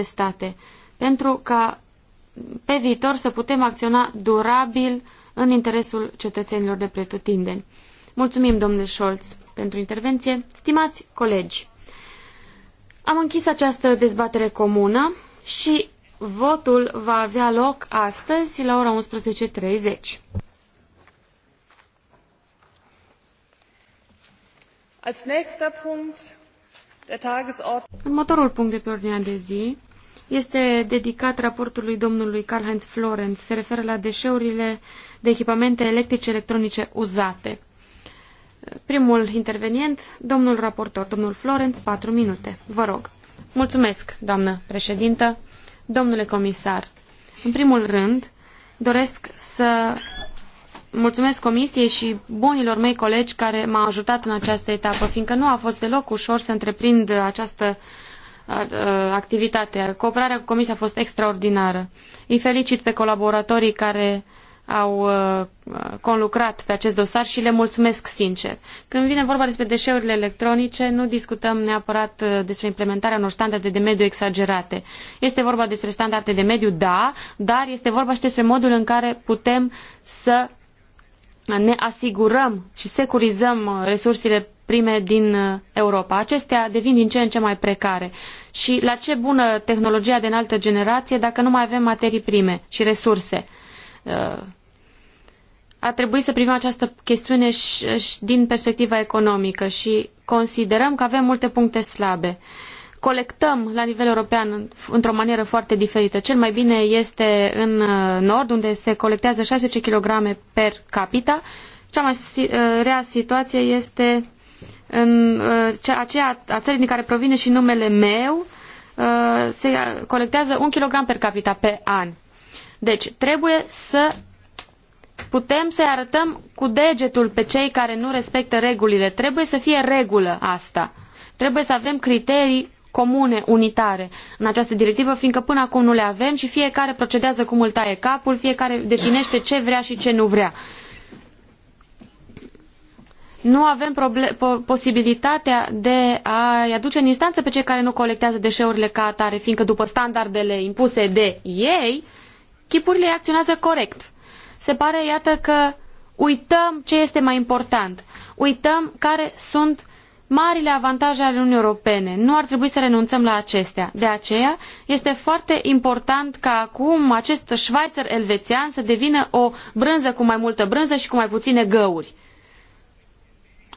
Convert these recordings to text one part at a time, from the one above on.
aceste state, pentru ca pe viitor să putem acționa durabil în interesul cetățenilor de pretutindeni. Mulțumim, domnule Scholz, pentru intervenție. Stimați colegi, am închis această dezbatere comună și votul va avea loc astăzi la ora 11.30. Următorul punct de pe ordinea de zi este dedicat raportului domnului Karl-Heinz Florenz. Se referă la deșeurile de echipamente electrice electronice uzate. Primul intervenient, domnul raportor, domnul Florenz, patru minute. Vă rog. Mulțumesc, doamnă președintă, domnule comisar. În primul rând, doresc să mulțumesc comisiei și bunilor mei colegi care m-au ajutat în această etapă, fiindcă nu a fost deloc ușor să întreprind această uh, Uh, activitatea Cooperarea cu Comisia a fost extraordinară. Îi felicit pe colaboratorii care au uh, conlucrat pe acest dosar și le mulțumesc sincer. Când vine vorba despre deșeurile electronice, nu discutăm neapărat uh, despre implementarea unor standarde de mediu exagerate. Este vorba despre standarde de mediu, da, dar este vorba și despre modul în care putem să ne asigurăm și securizăm resursele prime din Europa. Acestea devin din ce în ce mai precare. Uh, și la ce bună tehnologia de înaltă generație dacă nu mai avem materii prime și resurse. Uh, a trebuit să privim această chestiune și, și din perspectiva economică și considerăm că avem multe puncte slabe. Colectăm la nivel european într-o manieră foarte diferită. Cel mai bine este în uh, nord, unde se colectează 60 kg per capita. Cea mai uh, rea situație este în uh, aceea a țării din care provine și numele meu, uh, se colectează un kilogram per capita pe an. Deci trebuie să putem să arătăm cu degetul pe cei care nu respectă regulile. Trebuie să fie regulă asta. Trebuie să avem criterii comune, unitare în această directivă, fiindcă până acum nu le avem și fiecare procedează cum îl taie capul, fiecare definește ce vrea și ce nu vrea nu avem posibilitatea de a-i aduce în instanță pe cei care nu colectează deșeurile ca atare, fiindcă după standardele impuse de ei, chipurile acționează corect. Se pare, iată, că uităm ce este mai important. Uităm care sunt marile avantaje ale Uniunii Europene. Nu ar trebui să renunțăm la acestea. De aceea, este foarte important ca acum acest Schweizer elvețian să devină o brânză cu mai multă brânză și cu mai puține găuri.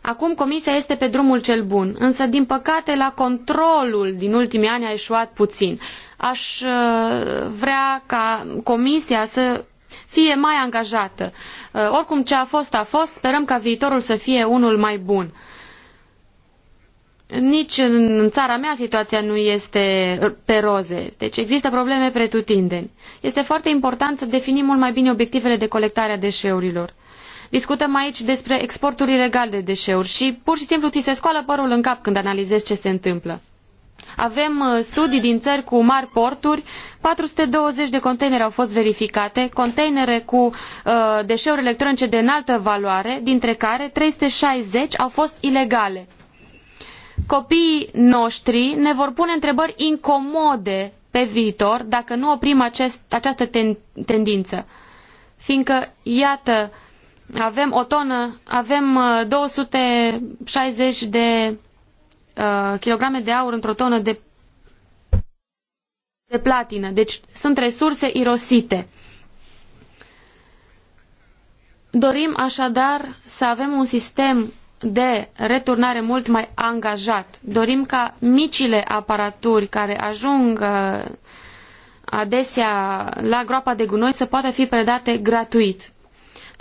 Acum comisia este pe drumul cel bun, însă din păcate la controlul din ultimii ani a eșuat puțin. Aș uh, vrea ca comisia să fie mai angajată. Uh, oricum ce a fost a fost, sperăm ca viitorul să fie unul mai bun. Nici în țara mea situația nu este pe roze, deci există probleme pretutindeni. Este foarte important să definim mult mai bine obiectivele de colectare a deșeurilor. Discutăm aici despre exportul ilegal de deșeuri și pur și simplu ți se scoală părul în cap când analizezi ce se întâmplă. Avem uh, studii din țări cu mari porturi, 420 de containere au fost verificate, containere cu uh, deșeuri electronice de înaltă valoare, dintre care 360 au fost ilegale. Copiii noștri ne vor pune întrebări incomode pe viitor dacă nu oprim acest, această ten, tendință. Fiindcă, iată, avem o tonă, avem 260 uh, de uh, kilograme de aur într-o tonă de, de platină. Deci sunt resurse irosite. Dorim așadar să avem un sistem de returnare mult mai angajat. Dorim ca micile aparaturi care ajung uh, adesea la groapa de gunoi să poată fi predate gratuit.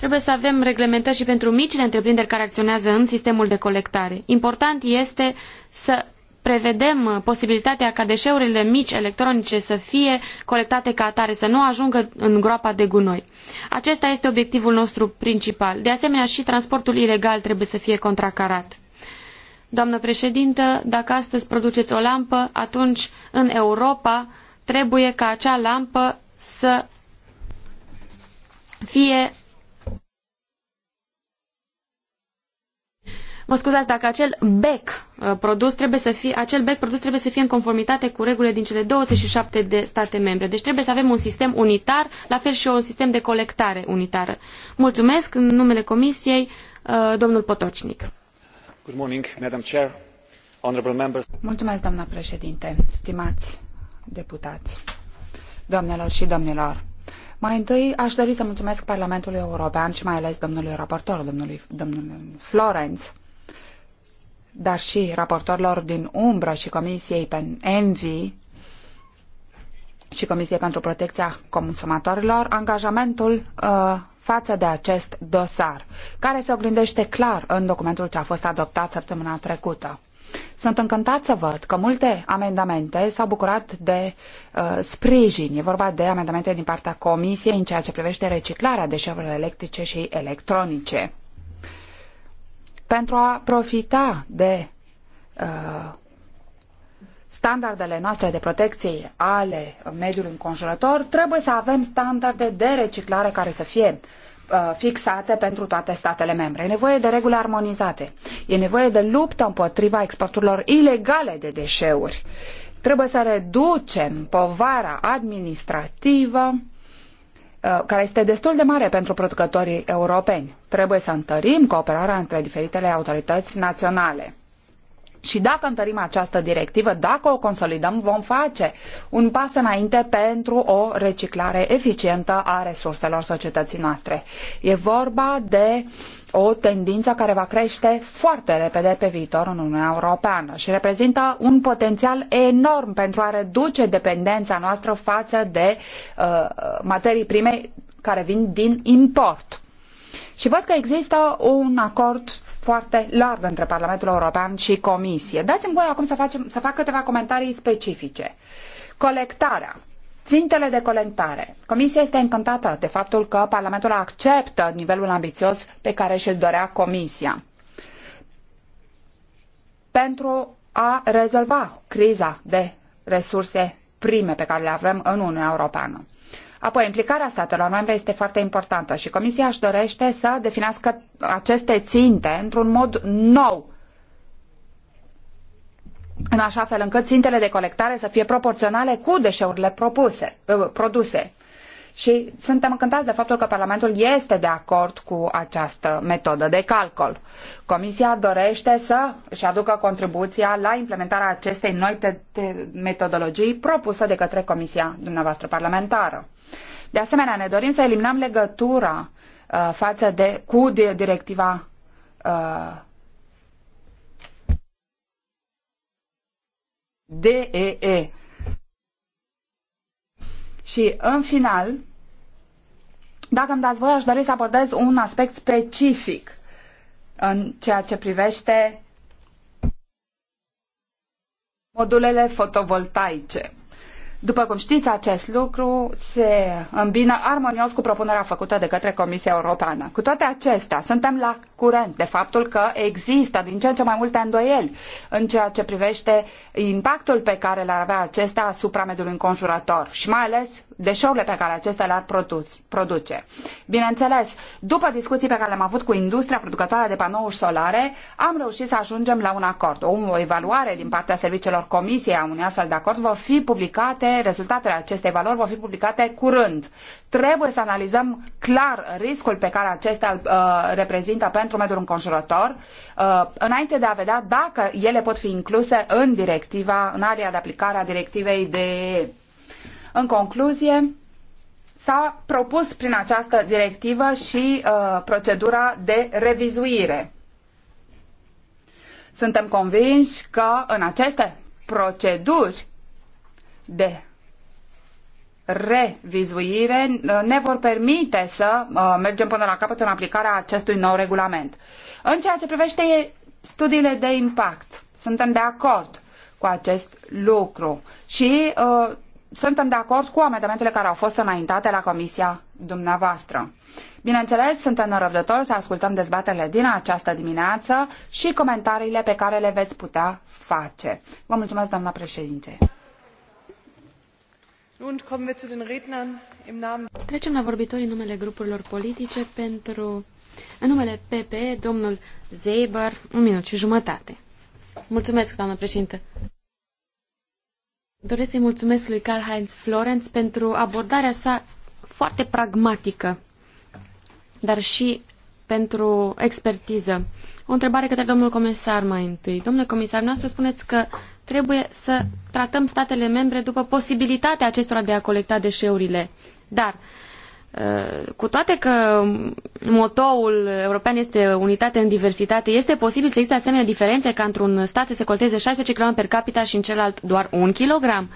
Trebuie să avem reglementări și pentru micile întreprinderi care acționează în sistemul de colectare. Important este să prevedem uh, posibilitatea ca deșeurile mici electronice să fie colectate ca atare, să nu ajungă în groapa de gunoi. Acesta este obiectivul nostru principal. De asemenea, și transportul ilegal trebuie să fie contracarat. Doamnă președintă, dacă astăzi produceți o lampă, atunci în Europa trebuie ca acea lampă să fie Mă scuzați, dacă acel bec uh, produs trebuie să fie, acel bec produs trebuie să fie în conformitate cu regulile din cele 27 de state membre. Deci trebuie să avem un sistem unitar, la fel și un sistem de colectare unitară. Mulțumesc în numele Comisiei, uh, domnul Potocnic. Good morning, Madam Chair, honorable members. Mulțumesc, doamna președinte, stimați deputați, doamnelor și domnilor. Mai întâi aș dori să mulțumesc Parlamentului European și mai ales domnului raportor, domnului, domnul Florence, dar și raportorilor din umbră și Comisiei ENVI și Comisiei pentru Protecția Consumatorilor angajamentul uh, față de acest dosar, care se oglindește clar în documentul ce a fost adoptat săptămâna trecută. Sunt încântat să văd că multe amendamente s-au bucurat de uh, sprijin. E vorba de amendamente din partea Comisiei în ceea ce privește reciclarea deșeurilor electrice și electronice pentru a profita de uh, standardele noastre de protecție ale mediului înconjurător, trebuie să avem standarde de reciclare care să fie uh, fixate pentru toate statele membre. E nevoie de reguli armonizate. E nevoie de luptă împotriva exporturilor ilegale de deșeuri. Trebuie să reducem povara administrativă Uh, care este destul de mare pentru producătorii europeni. Trebuie să întărim cooperarea între diferitele autorități naționale. Și dacă întărim această directivă, dacă o consolidăm, vom face un pas înainte pentru o reciclare eficientă a resurselor societății noastre. E vorba de uh, o tendință care va crește foarte repede pe viitor în Uniunea Europeană și reprezintă un potențial enorm pentru a reduce dependența noastră față de uh, materii prime care vin din import. Și văd că există un acord foarte larg între Parlamentul European și Comisie. Dați-mi voie acum să, facem, să fac câteva comentarii specifice. Colectarea Țintele de colectare. Comisia este încântată de faptul că Parlamentul acceptă nivelul ambițios pe care și-l dorea Comisia pentru a rezolva criza de resurse prime pe care le avem în Uniunea Europeană. Apoi, implicarea statelor membre este foarte importantă și Comisia își dorește să definească aceste ținte într-un mod nou în așa fel încât țintele de colectare să fie proporționale cu deșeurile propuse, uh, produse. Și suntem încântați de faptul că Parlamentul este de acord cu această metodă de calcul. Comisia dorește să își aducă contribuția la implementarea acestei noi metodologii propusă de către Comisia dumneavoastră parlamentară. De asemenea, ne dorim să eliminăm legătura uh, față de, cu directiva uh, DEE. Și în final, dacă îmi dați voie, aș dori să abordez un aspect specific în ceea ce privește modulele fotovoltaice. După cum știți, acest lucru se îmbină armonios cu propunerea făcută de către Comisia Europeană. Cu toate acestea, suntem la curent de faptul că există din ce în ce mai multe îndoieli în ceea ce privește impactul pe care l-ar avea acestea asupra mediului înconjurător și mai ales deșeurile pe care acestea le-ar produce. Bineînțeles, după discuții pe care le-am avut cu industria producătoare de panouri solare, am reușit să ajungem la un acord. O evaluare din partea serviciilor Comisiei a unui astfel de acord vor fi publicate rezultatele acestei valori vor fi publicate curând. Trebuie să analizăm clar riscul pe care acesta îl uh, reprezintă pentru mediul înconjurător, uh, înainte de a vedea dacă ele pot fi incluse în directiva, în area de aplicare a directivei de În concluzie, s-a propus prin această directivă și uh, procedura de revizuire. Suntem convinși că în aceste proceduri de revizuire uh, ne vor permite să uh, mergem până la capăt în aplicarea acestui nou regulament. În ceea ce privește studiile de impact, suntem de acord cu acest lucru și uh, suntem de acord cu amendamentele care au fost înaintate la comisia dumneavoastră. Bineînțeles, suntem nerăbdători să ascultăm dezbaterile din această dimineață și comentariile pe care le veți putea face. Vă mulțumesc, doamna președinte. Trecem la vorbitorii numele grupurilor politice pentru... În numele PPE, domnul Zeiber, un minut și jumătate. Mulțumesc, doamnă președinte. Doresc să-i mulțumesc lui Karl-Heinz Florenz pentru abordarea sa foarte pragmatică, dar și pentru expertiză. O întrebare către domnul comisar mai întâi. Domnule comisar, noastră spuneți că trebuie să tratăm statele membre după posibilitatea acestora de a colecta deșeurile. Dar, uh, cu toate că motoul european este unitate în diversitate, este posibil să existe asemenea diferențe ca într-un stat să se colteze 16 kg per capita și în celălalt doar 1 kg?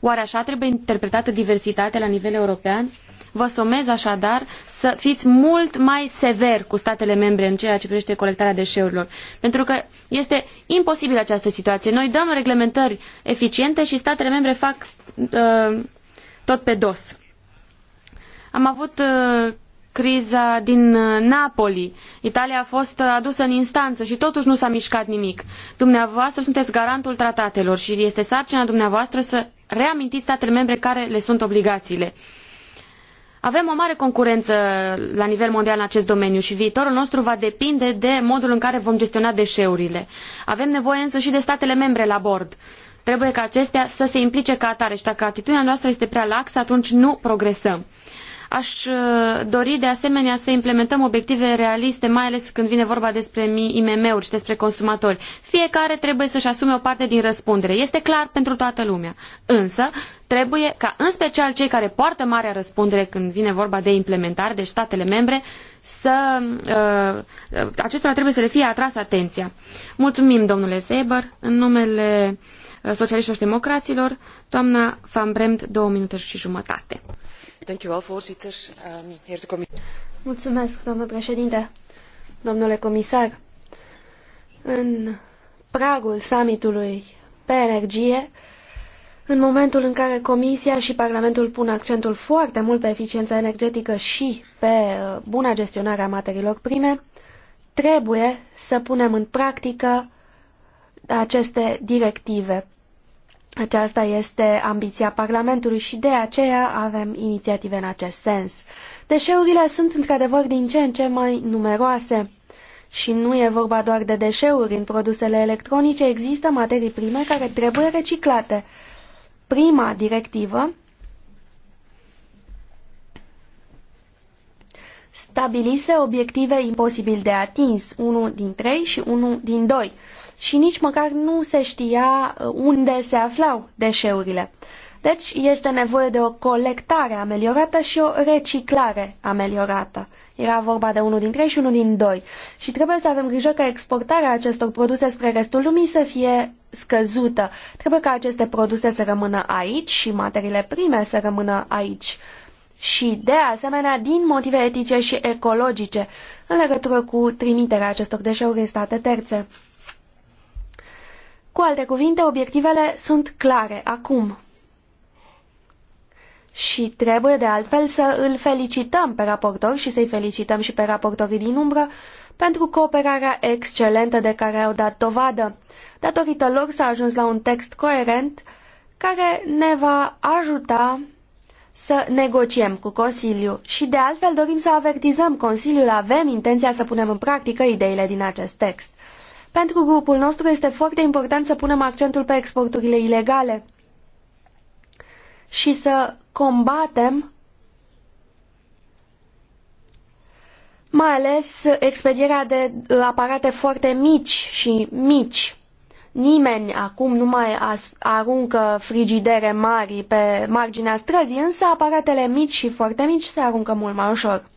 Oare așa trebuie interpretată diversitatea la nivel european? Vă somez așadar să fiți mult mai sever cu statele membre în ceea ce privește colectarea deșeurilor. Pentru că este imposibil această situație. Noi dăm reglementări eficiente și statele membre fac uh, tot pe dos. Am avut uh, criza din uh, Napoli. Italia a fost uh, adusă în instanță și totuși nu s-a mișcat nimic. Dumneavoastră sunteți garantul tratatelor și este sarcina dumneavoastră să reamintiți statele membre care le sunt obligațiile. Avem o mare concurență la nivel mondial în acest domeniu și viitorul nostru va depinde de modul în care vom gestiona deșeurile. Avem nevoie însă și de statele membre la bord. Trebuie ca acestea să se implice ca atare și dacă atitudinea noastră este prea laxă, atunci nu progresăm. Aș uh, dori de asemenea să implementăm obiective realiste, mai ales când vine vorba despre IMM-uri și despre consumatori. Fiecare trebuie să-și asume o parte din răspundere. Este clar pentru toată lumea. Însă, trebuie ca în special cei care poartă marea răspundere când vine vorba de implementare, deci statele membre, să uh, acestora trebuie să le fie atras atenția. Mulțumim, domnule Seber, în numele uh, socialiștilor și democraților, doamna Van Bremt, două minute și jumătate. Ehm, Mulțumesc, domnule președinte, domnule comisar. În pragul summitului pe energie, în momentul în care Comisia și Parlamentul pun accentul foarte mult pe eficiența energetică și pe uh, buna gestionare a materiilor prime, trebuie să punem în practică aceste directive aceasta este ambiția Parlamentului și de aceea avem inițiative în acest sens. Deșeurile sunt într-adevăr din ce în ce mai numeroase. Și nu e vorba doar de deșeuri. În produsele electronice există materii prime care trebuie reciclate. Prima directivă stabilise obiective imposibil de atins, unul din trei și unul din doi și nici măcar nu se știa uh, unde se aflau deșeurile. Deci este nevoie de o colectare ameliorată și o reciclare ameliorată. Era vorba de unul din trei și unul din doi. Și trebuie să avem grijă că exportarea acestor produse spre restul lumii să fie scăzută. Trebuie ca aceste produse să rămână aici și materiile prime să rămână aici. Și, de asemenea, din motive etice și ecologice, în legătură cu trimiterea acestor deșeuri în state terțe. Cu alte cuvinte, obiectivele sunt clare acum. Și trebuie de altfel să îl felicităm pe raportor și să-i felicităm și pe raportorii din umbră pentru cooperarea excelentă de care au dat dovadă. Datorită lor s-a ajuns la un text coerent care ne va ajuta să negociem cu Consiliu și de altfel dorim să avertizăm Consiliul, avem intenția să punem în practică ideile din acest text. Pentru grupul nostru este foarte important să punem accentul pe exporturile ilegale și să combatem mai ales expedierea de uh, aparate foarte mici și mici. Nimeni acum nu mai aruncă frigidere mari pe marginea străzii, însă aparatele mici și foarte mici se aruncă mult mai ușor.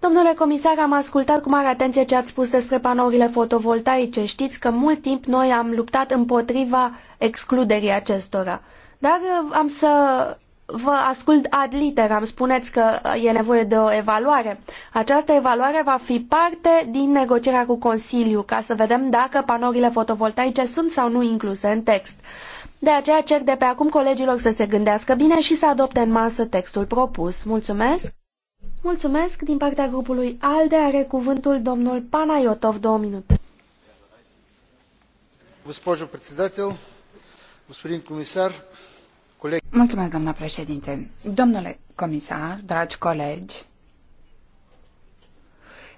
Domnule comisar, am ascultat cu mare atenție ce ați spus despre panourile fotovoltaice. Știți că mult timp noi am luptat împotriva excluderii acestora. Dar uh, am să vă ascult ad literam. Spuneți că uh, e nevoie de o evaluare. Această evaluare va fi parte din negocierea cu Consiliu ca să vedem dacă panourile fotovoltaice sunt sau nu incluse în text. De aceea cer de pe acum colegilor să se gândească bine și să adopte în masă textul propus. Mulțumesc! Mulțumesc din partea grupului ALDE are cuvântul domnul Panayotov, două minute. Mulțumesc, doamna președinte. Domnule comisar, dragi colegi,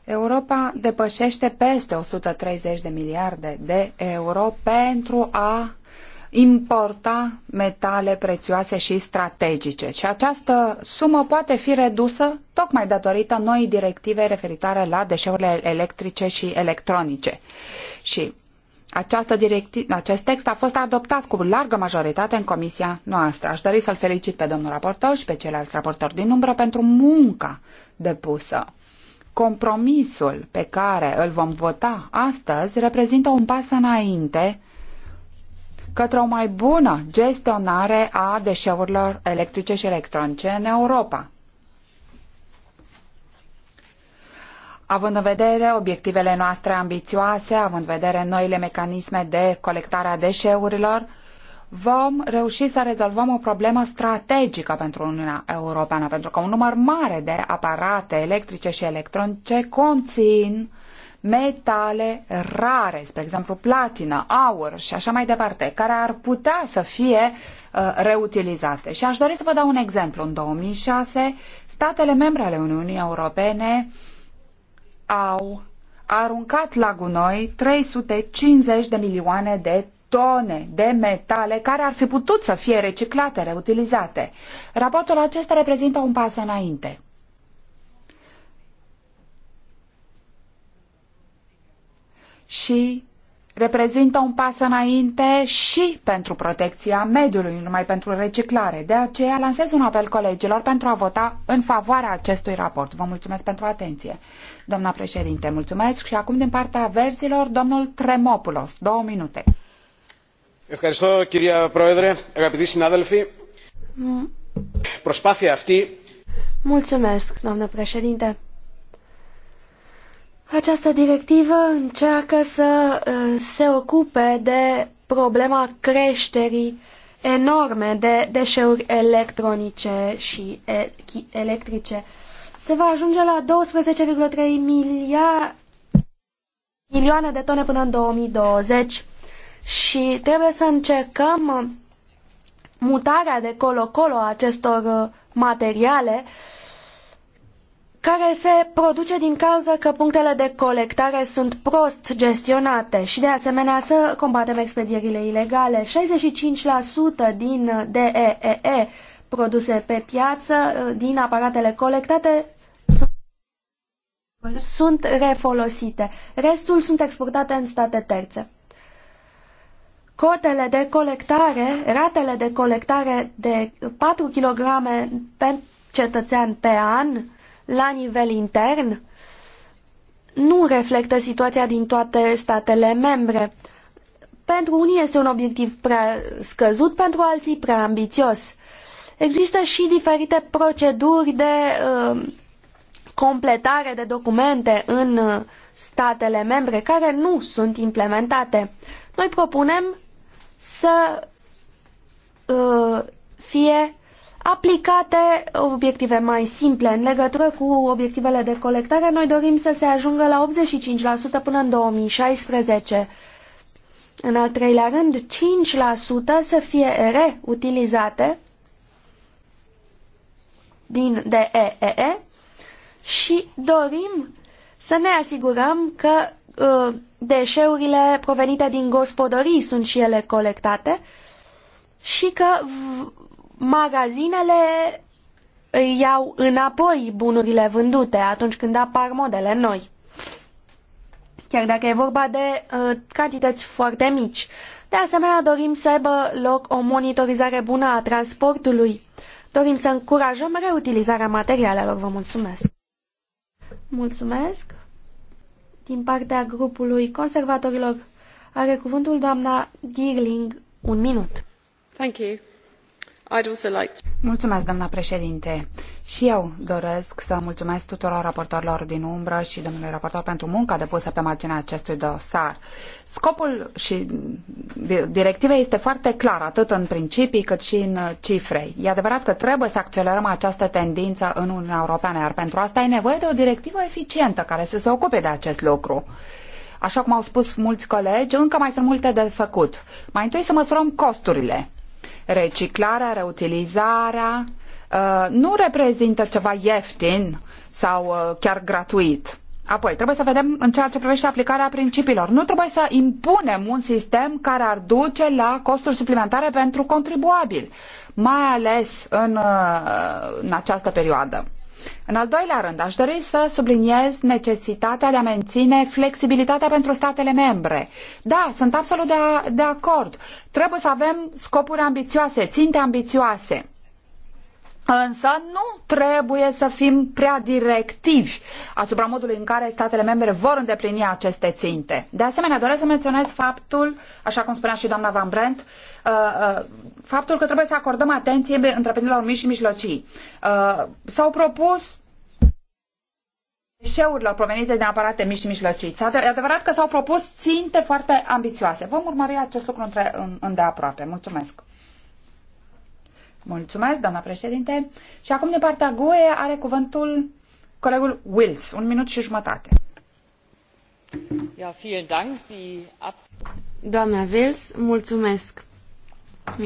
Europa depășește peste 130 de miliarde de euro pentru a importa metale prețioase și strategice și această sumă poate fi redusă tocmai datorită noii directive referitoare la deșeurile electrice și electronice. Și această directi- acest text a fost adoptat cu largă majoritate în comisia noastră. Aș dori să-l felicit pe domnul raportor și pe ceilalți raportori din umbră pentru munca depusă. Compromisul pe care îl vom vota astăzi reprezintă un pas înainte către o mai bună gestionare a deșeurilor electrice și electronice în Europa. Având în vedere obiectivele noastre ambițioase, având în vedere noile mecanisme de colectare a deșeurilor, vom reuși să rezolvăm o problemă strategică pentru Uniunea Europeană, pentru că un număr mare de aparate electrice și electronice conțin metale rare, spre exemplu platină, aur și așa mai departe, care ar putea să fie uh, reutilizate. Și aș dori să vă dau un exemplu. În 2006, statele membre ale Uniunii Europene au aruncat la gunoi 350 de milioane de tone de metale care ar fi putut să fie reciclate, reutilizate. Raportul acesta reprezintă un pas înainte. și reprezintă un pas înainte și pentru protecția mediului, nu numai pentru reciclare. De aceea lansez un apel colegilor pentru a vota în favoarea acestui raport. Vă mulțumesc pentru atenție. Doamna președinte, mulțumesc și acum din partea verzilor, domnul Tremopulos. Două minute. Ευχαριστώ κυρία Πρόεδρε, αγαπητοί συνάδελφοι. Mm. Προσπάθεια αυτή... Mulțumesc, doamnă președinte. Această directivă încearcă să uh, se ocupe de problema creșterii enorme de deșeuri electronice și electrice. Se va ajunge la 12,3 miliarde milioane de tone până în 2020 și trebuie să încercăm uh, mutarea de colo-colo a acestor uh, materiale care se produce din cauza că punctele de colectare sunt prost gestionate și de asemenea să combatem expedierile ilegale. 65% din DEEE produse pe piață din aparatele colectate sunt refolosite. Restul sunt exportate în state terțe. Cotele de colectare, ratele de colectare de 4 kg pe cetățean pe an la nivel intern nu reflectă situația din toate statele membre. Pentru unii este un obiectiv prea scăzut, pentru alții prea ambițios. Există și diferite proceduri de uh, completare de documente în uh, statele membre care nu sunt implementate. Noi propunem să uh, fie aplicate obiective mai simple. În legătură cu obiectivele de colectare, noi dorim să se ajungă la 85% până în 2016. În al treilea rând, 5% să fie reutilizate din DEEE și dorim să ne asigurăm că uh, deșeurile provenite din gospodării sunt și ele colectate și că magazinele iau înapoi bunurile vândute atunci când apar modele noi. Chiar dacă e vorba de uh, cantități foarte mici. De asemenea, dorim să aibă loc o monitorizare bună a transportului. Dorim să încurajăm reutilizarea materialelor. Vă mulțumesc! Mulțumesc! Din partea grupului conservatorilor are cuvântul doamna Girling. Un minut. Thank you. I'd Mulțumesc, președinte. Și eu doresc să mulțumesc tuturor raportorilor din umbră și domnului raportor pentru munca depusă pe marginea acestui dosar. Scopul și directiva este foarte clar, atât în principii cât și în cifre. E adevărat că trebuie să accelerăm această tendință în Uniunea Europeană, iar pentru asta e nevoie de o directivă eficientă care să se ocupe de acest lucru. Așa cum au spus mulți colegi, încă mai sunt multe de făcut. Mai întâi să măsurăm costurile Reciclarea, reutilizarea uh, nu reprezintă ceva ieftin sau uh, chiar gratuit. Apoi, trebuie să vedem în ceea ce privește aplicarea principiilor. Nu trebuie să impunem un sistem care ar duce la costuri suplimentare pentru contribuabil, mai ales în, uh, în această perioadă. În al doilea rând, aș dori să subliniez necesitatea de a menține flexibilitatea pentru statele membre. Da, sunt absolut de, de acord. Trebuie să avem scopuri ambițioase, ținte ambițioase. Însă nu trebuie să fim prea directivi asupra modului în care statele membre vor îndeplini aceste ținte. De asemenea, doresc să menționez faptul, așa cum spunea și doamna Van Brent, uh, uh, faptul că trebuie să acordăm atenție întreprinderilor mici și mijlocii. Uh, s-au propus deșeurilor provenite din aparate mici și mijlocii. E adevărat că s-au propus ținte foarte ambițioase. Vom urmări acest lucru în îndeaproape. Mulțumesc! Mulțumesc, doamna președinte. Și acum, din partea GUE, are cuvântul colegul Wills. Un minut și jumătate. Ja, vielen Dank. Sie ab... Doamna Wills, mulțumesc.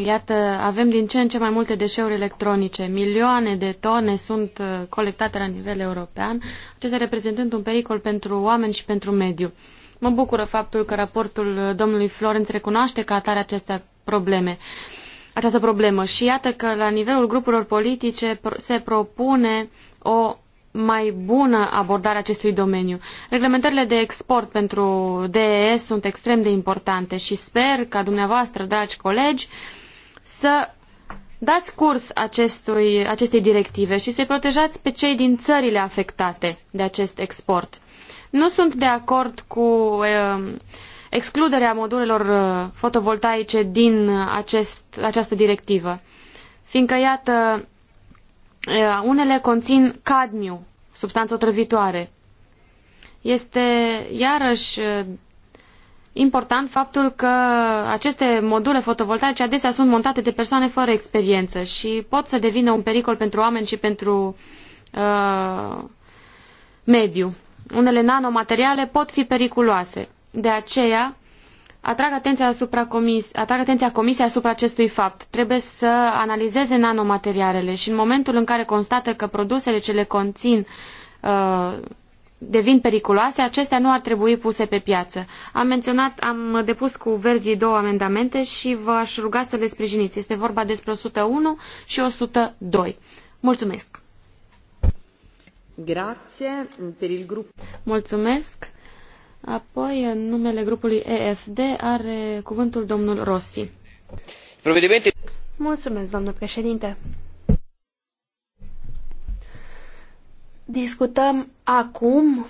Iată, avem din ce în ce mai multe deșeuri electronice. Milioane de tone sunt uh, colectate la nivel european, acestea reprezentând un pericol pentru oameni și pentru mediu. Mă bucură faptul că raportul uh, domnului Florenț recunoaște ca atare aceste probleme. Uh, această problemă și iată că la nivelul grupurilor politice se propune o mai bună abordare acestui domeniu. Reglementările de export pentru DES sunt extrem de importante și sper ca dumneavoastră, dragi colegi, să dați curs acestui, acestei directive și să-i protejați pe cei din țările afectate de acest export. Nu sunt de acord cu uh, excluderea modulelor uh, fotovoltaice din uh, acest, această directivă. Fiindcă, iată, uh, unele conțin cadmiu, substanță otrăvitoare. Este, iarăși, important faptul că aceste module fotovoltaice adesea sunt montate de persoane fără experiență și pot să devină un pericol pentru oameni și pentru uh, mediu. Unele nanomateriale pot fi periculoase. De aceea, atrag atenția, asupra comis, atrag atenția Comisiei asupra acestui fapt. Trebuie să analizeze nanomaterialele și în momentul în care constată că produsele ce le conțin uh, devin periculoase, acestea nu ar trebui puse pe piață. Am menționat, am depus cu verzii două amendamente și v-aș ruga să le sprijiniți. Este vorba despre 101 și 102. Mulțumesc! Grazie per il grup. Mulțumesc! Apoi, în numele grupului EFD, are cuvântul domnul Rossi. Provedimente... Mulțumesc, domnul președinte. Discutăm acum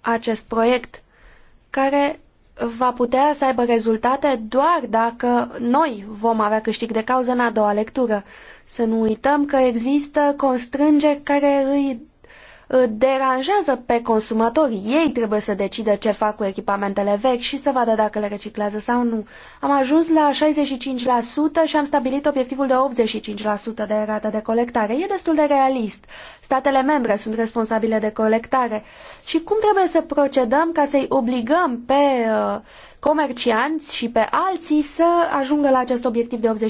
acest proiect care va putea să aibă rezultate doar dacă noi vom avea câștig de cauză în a doua lectură. Să nu uităm că există constrângeri care îi Uh, deranjează pe consumatori. Ei trebuie să decidă ce fac cu echipamentele vechi și să vadă dacă le reciclează sau nu. Am ajuns la 65% și am stabilit obiectivul de 85% de rată de colectare. E destul de realist. Statele membre sunt responsabile de colectare. Și cum trebuie să procedăm ca să-i obligăm pe uh, comercianți și pe alții să ajungă la acest obiectiv de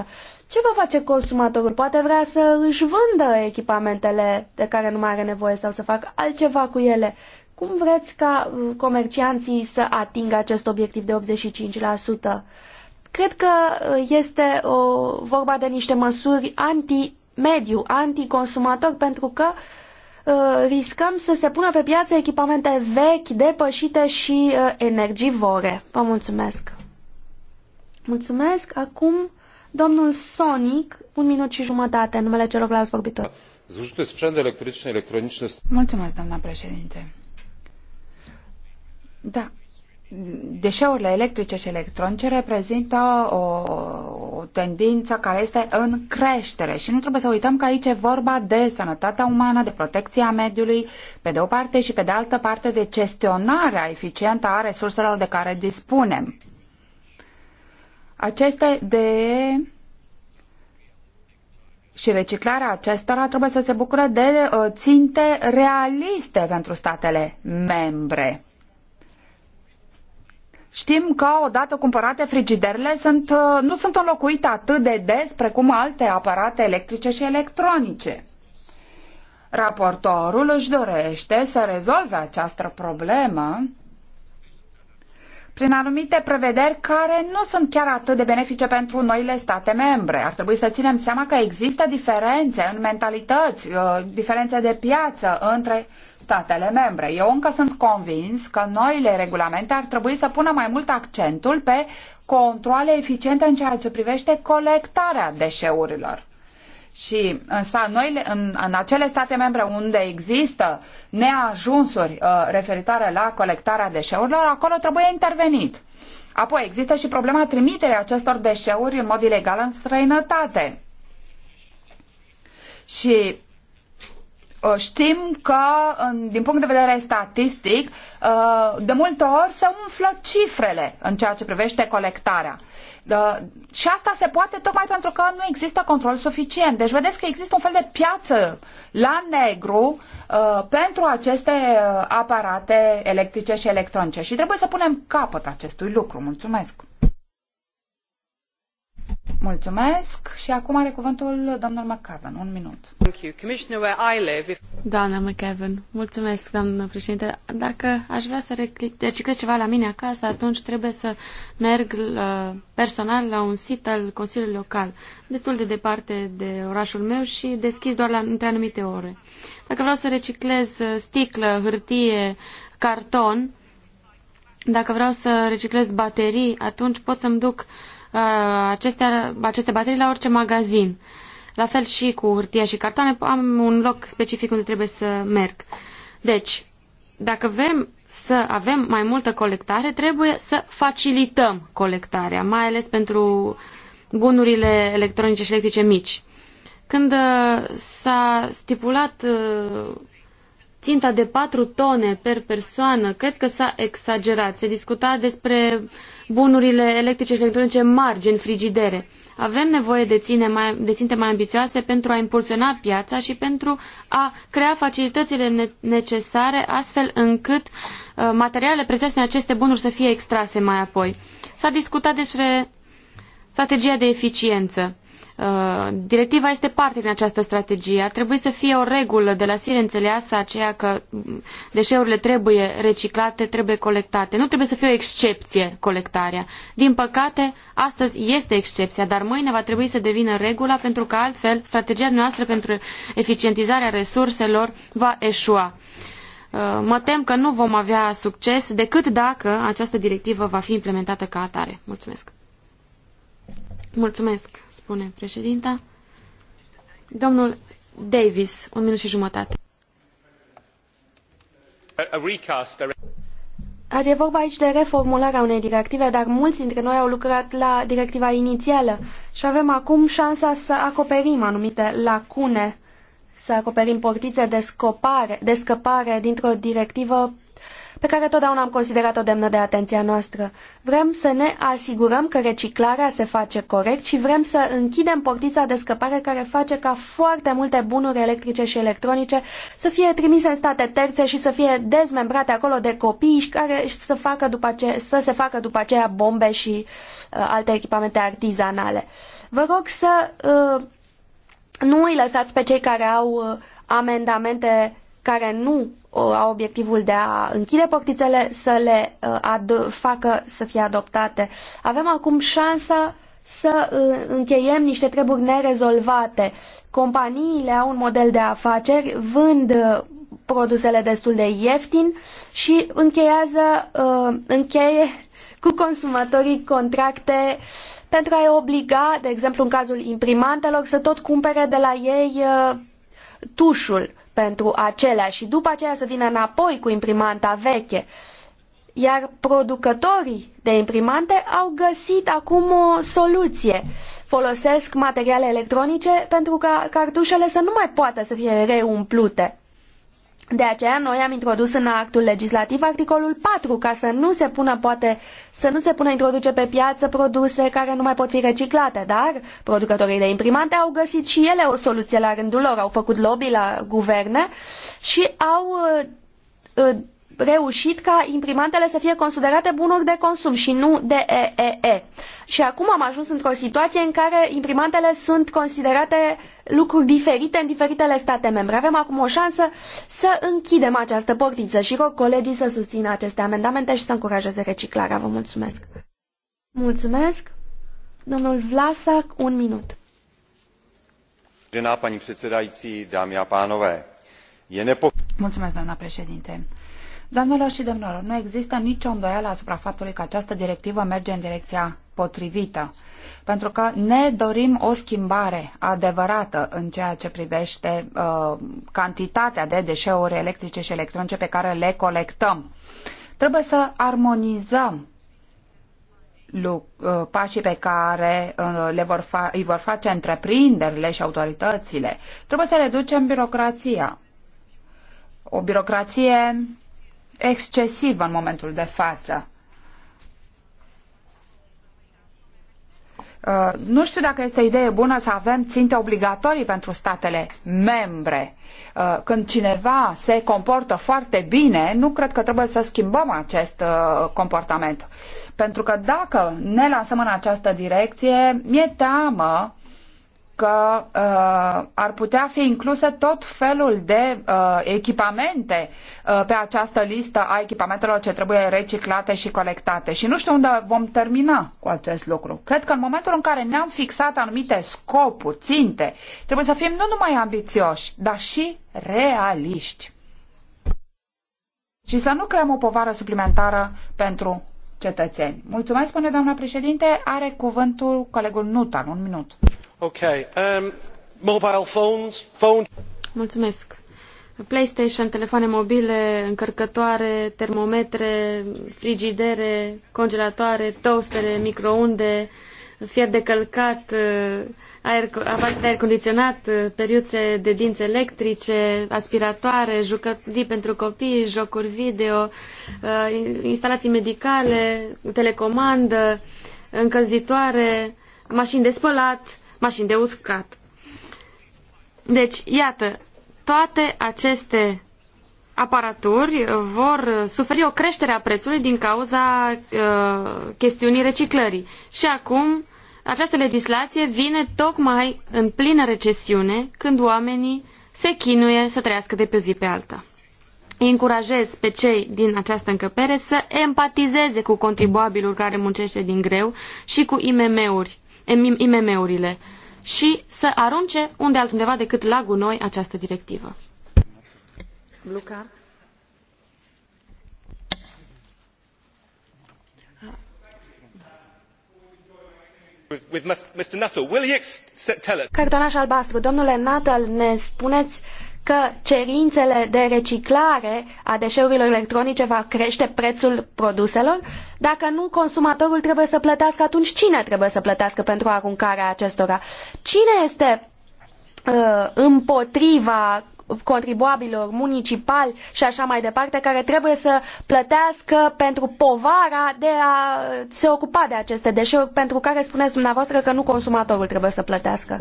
85%? Ce va face consumatorul? Poate vrea să își vândă echipamentele de care nu mai are nevoie sau să facă altceva cu ele. Cum vreți ca uh, comercianții să atingă acest obiectiv de 85%? Cred că uh, este o, vorba de niște măsuri anti-mediu, anti-consumator, pentru că uh, riscăm să se pună pe piață echipamente vechi, depășite și uh, energivore. Vă mulțumesc! Mulțumesc! Acum Domnul Sonic, un minut și jumătate, în numele celorlalți vorbitori. Zużyte sprzęty și electronice. Mulțumesc, doamna președinte. Da, deșeurile electrice și electronice reprezintă o, o tendință care este în creștere și nu trebuie să uităm că aici e vorba de sănătatea umană, de protecția mediului, pe de o parte și pe de altă parte de gestionarea eficientă a resurselor de care dispunem. Aceste de și reciclarea acestora trebuie să se bucure de uh, ținte realiste pentru statele membre. Știm că odată cumpărate frigiderile sunt, uh, nu sunt înlocuite atât de des precum alte aparate electrice și electronice. Raportorul își dorește să rezolve această problemă prin anumite prevederi care nu sunt chiar atât de benefice pentru noile state membre. Ar trebui să ținem seama că există diferențe în mentalități, uh, diferențe de piață între statele membre. Eu încă sunt convins că noile regulamente ar trebui să pună mai mult accentul pe controle eficiente în ceea ce privește colectarea deșeurilor. Și însă noi, în, în acele state membre unde există neajunsuri uh, referitoare la colectarea deșeurilor, acolo trebuie intervenit. Apoi există și problema trimiterii acestor deșeuri în mod ilegal în străinătate. Și uh, știm că, din punct de vedere statistic, uh, de multe ori se umflă cifrele în ceea ce privește colectarea. Ă, și asta se poate tocmai pentru că nu există control suficient. Deci vedeți că există un fel de piață la negru ă, pentru aceste ă, aparate electrice și electronice și trebuie să punem capăt acestui lucru. Mulțumesc! Mulțumesc și acum are cuvântul domnul McCavan. Un minut. Doamna McCavan, mulțumesc, doamnă președinte. Dacă aș vrea să reciclez ceva la mine acasă, atunci trebuie să merg la, uh, personal la un sit al Consiliului Local, destul de departe de orașul meu și deschis doar la, între anumite ore. Dacă vreau să reciclez uh, sticlă, hârtie, carton, dacă vreau să reciclez baterii, atunci pot să-mi duc uh, Uh, aceste, aceste baterii la orice magazin. La fel și cu hârtia și cartoane, am un loc specific unde trebuie să merg. Deci, dacă vrem să avem mai multă colectare, trebuie să facilităm colectarea, mai ales pentru bunurile electronice și electrice mici. Când uh, s-a stipulat uh, ținta de 4 tone per persoană, cred că s-a exagerat. Se discuta despre bunurile electrice și electronice mari, gen frigidere. Avem nevoie de, ține mai, de ținte mai ambițioase pentru a impulsiona piața și pentru a crea facilitățile necesare astfel încât uh, materialele prețioase în aceste bunuri să fie extrase mai apoi. S-a discutat despre strategia de eficiență. Uh, directiva este parte din această strategie. Ar trebui să fie o regulă de la sine înțeleasă aceea că mm, deșeurile trebuie reciclate, trebuie colectate. Nu trebuie să fie o excepție colectarea. Din păcate, astăzi este excepția, dar mâine va trebui să devină regula pentru că altfel strategia noastră pentru eficientizarea resurselor va eșua. Uh, mă tem că nu vom avea succes decât dacă această directivă va fi implementată ca atare. Mulțumesc! Mulțumesc, spune președinta. Domnul Davis, un minut și jumătate. E vorba aici de reformularea unei directive, dar mulți dintre noi au lucrat la directiva inițială și avem acum șansa să acoperim anumite lacune, să acoperim portițe de, scopare, de scăpare dintr-o directivă pe care totdeauna am considerat-o demnă de atenția noastră. Vrem să ne asigurăm că reciclarea se face corect și vrem să închidem portița de scăpare care face ca foarte multe bunuri electrice și electronice să fie trimise în state terțe și să fie dezmembrate acolo de copii care să, facă după ce să se facă după aceea bombe și uh, alte echipamente artizanale. Vă rog să uh, nu îi lăsați pe cei care au uh, amendamente care nu uh, au obiectivul de a închide portițele să le uh, facă să fie adoptate. Avem acum șansa să uh, încheiem niște treburi nerezolvate. Companiile au un model de afaceri, vând produsele destul de ieftin și încheiază, încheie cu consumatorii contracte pentru a-i obliga, de exemplu în cazul imprimantelor, să tot cumpere de la ei tușul pentru acelea și după aceea să vină înapoi cu imprimanta veche. Iar producătorii de imprimante au găsit acum o soluție. Folosesc materiale electronice pentru ca cartușele să nu mai poată să fie reumplute. De aceea noi am introdus în actul legislativ articolul 4 ca să nu se pună poate să nu se pună introduce pe piață produse care nu mai pot fi reciclate, dar producătorii de imprimante au găsit și ele o soluție la rândul lor, au făcut lobby la guverne și au uh, uh, reușit ca imprimantele să fie considerate bunuri de consum și nu de EEE. Și acum am ajuns într-o situație în care imprimantele sunt considerate lucruri diferite în diferitele state membre. Avem acum o șansă să închidem această portiță și rog colegii să susțină aceste amendamente și să încurajeze reciclarea. Vă mulțumesc! Mulțumesc! Domnul Vlasac, un minut. Mulțumesc, doamna președinte Doamnelor și domnilor, nu există nicio îndoială asupra faptului că această directivă merge în direcția potrivită, pentru că ne dorim o schimbare adevărată în ceea ce privește uh, cantitatea de deșeuri electrice și electronice pe care le colectăm. Trebuie să armonizăm uh, pașii pe care uh, le vor fa- îi vor face întreprinderile și autoritățile. Trebuie să reducem birocrația. O birocrație excesivă în momentul de față. Uh, nu știu dacă este o idee bună să avem ținte obligatorii pentru statele membre. Uh, când cineva se comportă foarte bine, nu cred că trebuie să schimbăm acest uh, comportament. Pentru că dacă ne lansăm în această direcție, mi-e teamă că uh, ar putea fi incluse tot felul de uh, echipamente uh, pe această listă a echipamentelor ce trebuie reciclate și colectate. Și nu știu unde vom termina cu acest lucru. Cred că în momentul în care ne-am fixat anumite scopuri, ținte, trebuie să fim nu numai ambițioși, dar și realiști. Și să nu creăm o povară suplimentară pentru cetățeni. Mulțumesc, spune doamna președinte. Are cuvântul colegul Nutan. Un minut. Um, mobile phones, PlayStation, telefoane mobile, încărcătoare, termometre, frigidere, congelatoare, toastere, microunde, fier de călcat, uh, aparate de aer condiționat, uh, periuțe de dinți electrice, aspiratoare, jucării pentru copii, jocuri video, uh, instalații medicale, telecomandă, încălzitoare, mașini de spălat, mașini de uscat. Deci, iată, toate aceste aparaturi vor suferi o creștere a prețului din cauza uh, chestiunii reciclării. Și acum, această legislație vine tocmai în plină recesiune, când oamenii se chinuie să trăiască de pe zi pe alta. Îi încurajez pe cei din această încăpere să empatizeze cu contribuabilul care muncește din greu și cu IMM-uri IMM-urile și să arunce unde altundeva decât la gunoi această directivă. Luca. Cartonaș albastru, domnule Nuttall, ne spuneți că cerințele de reciclare a deșeurilor electronice va crește prețul produselor? Dacă nu, consumatorul trebuie să plătească, atunci cine trebuie să plătească pentru aruncarea acestora? Cine este uh, împotriva contribuabilor municipali și așa mai departe, care trebuie să plătească pentru povara de a se ocupa de aceste deșeuri, pentru care spuneți dumneavoastră că nu consumatorul trebuie să plătească?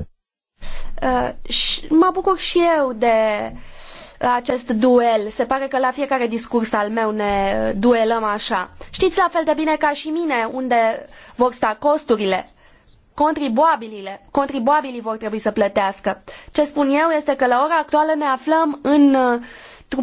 Uh, și mă bucur și eu de uh, acest duel. Se pare că la fiecare discurs al meu ne duelăm așa. Știți la fel de bine ca și mine unde vor sta costurile. Contribuabilile, contribuabilii vor trebui să plătească. Ce spun eu este că la ora actuală ne aflăm în uh,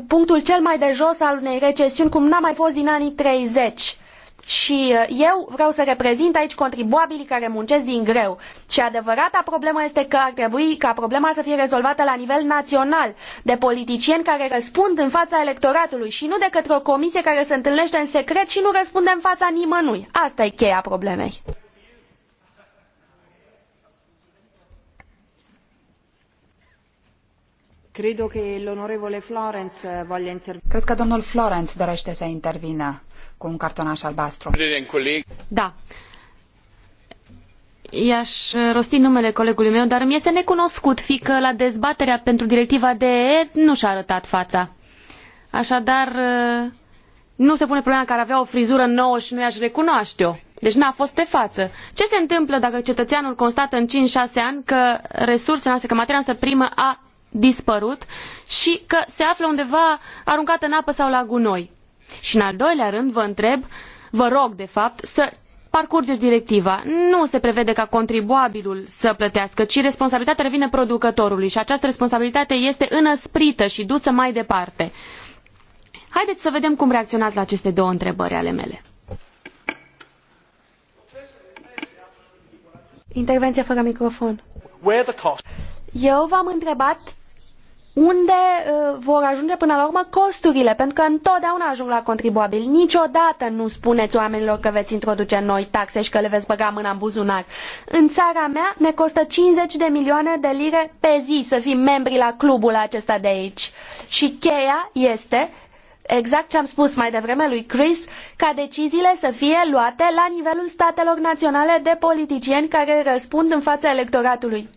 punctul cel mai de jos al unei recesiuni cum n-a mai fost din anii 30 și uh, eu vreau să reprezint aici contribuabilii care muncesc din greu. Și adevărata problemă este că ar trebui ca problema să fie rezolvată la nivel național, de politicieni care răspund în fața electoratului și nu de către o comisie care se întâlnește în secret și nu răspunde în fața nimănui. Asta e cheia problemei. Cred că domnul Florence dorește să intervină cu un cartonaș albastru. Da. I-aș rosti numele colegului meu, dar mi este necunoscut, fiindcă la dezbaterea pentru directiva de e, nu și-a arătat fața. Așadar, nu se pune problema că ar avea o frizură nouă și nu i-aș recunoaște-o. Deci n-a fost de față. Ce se întâmplă dacă cetățeanul constată în 5-6 ani că resursele noastre, că materia noastră primă a dispărut și că se află undeva aruncată în apă sau la gunoi? Și în al doilea rând vă întreb, vă rog de fapt să parcurgeți directiva. Nu se prevede ca contribuabilul să plătească, ci responsabilitatea revine producătorului și această responsabilitate este înăsprită și dusă mai departe. Haideți să vedem cum reacționați la aceste două întrebări ale mele. Intervenția fără microfon. Eu v-am întrebat unde uh, vor ajunge până la urmă costurile, pentru că întotdeauna ajung la contribuabil. Niciodată nu spuneți oamenilor că veți introduce noi taxe și că le veți băga mâna în buzunar. În țara mea ne costă 50 de milioane de lire pe zi să fim membri la clubul acesta de aici. Și cheia este exact ce am spus mai devreme lui Chris, ca deciziile să fie luate la nivelul statelor naționale de politicieni care răspund în fața electoratului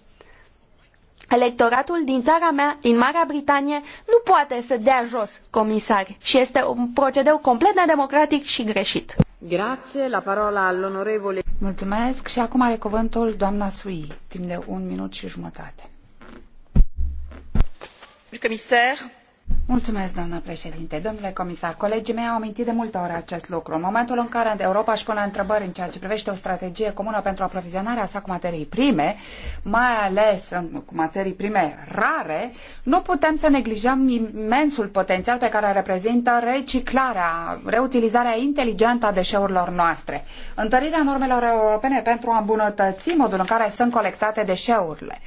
Electoratul din țara mea, din Marea Britanie, nu poate să dea jos comisari și este un procedeu complet nedemocratic și greșit. Grație, la parola all'onorevole. Mulțumesc și acum are cuvântul doamna Sui, timp de un minut și jumătate. Comisar, Mulțumesc, doamnă președinte. Domnule comisar, colegii mei au amintit de multe ori acest lucru. În momentul în care Europa își pune întrebări în ceea ce privește o strategie comună pentru aprovizionarea sa cu materii prime, mai ales cu materii prime rare, nu putem să neglijăm imensul potențial pe care reprezintă reciclarea, reutilizarea inteligentă a deșeurilor noastre, întărirea normelor europene pentru a îmbunătăți modul în care sunt colectate deșeurile,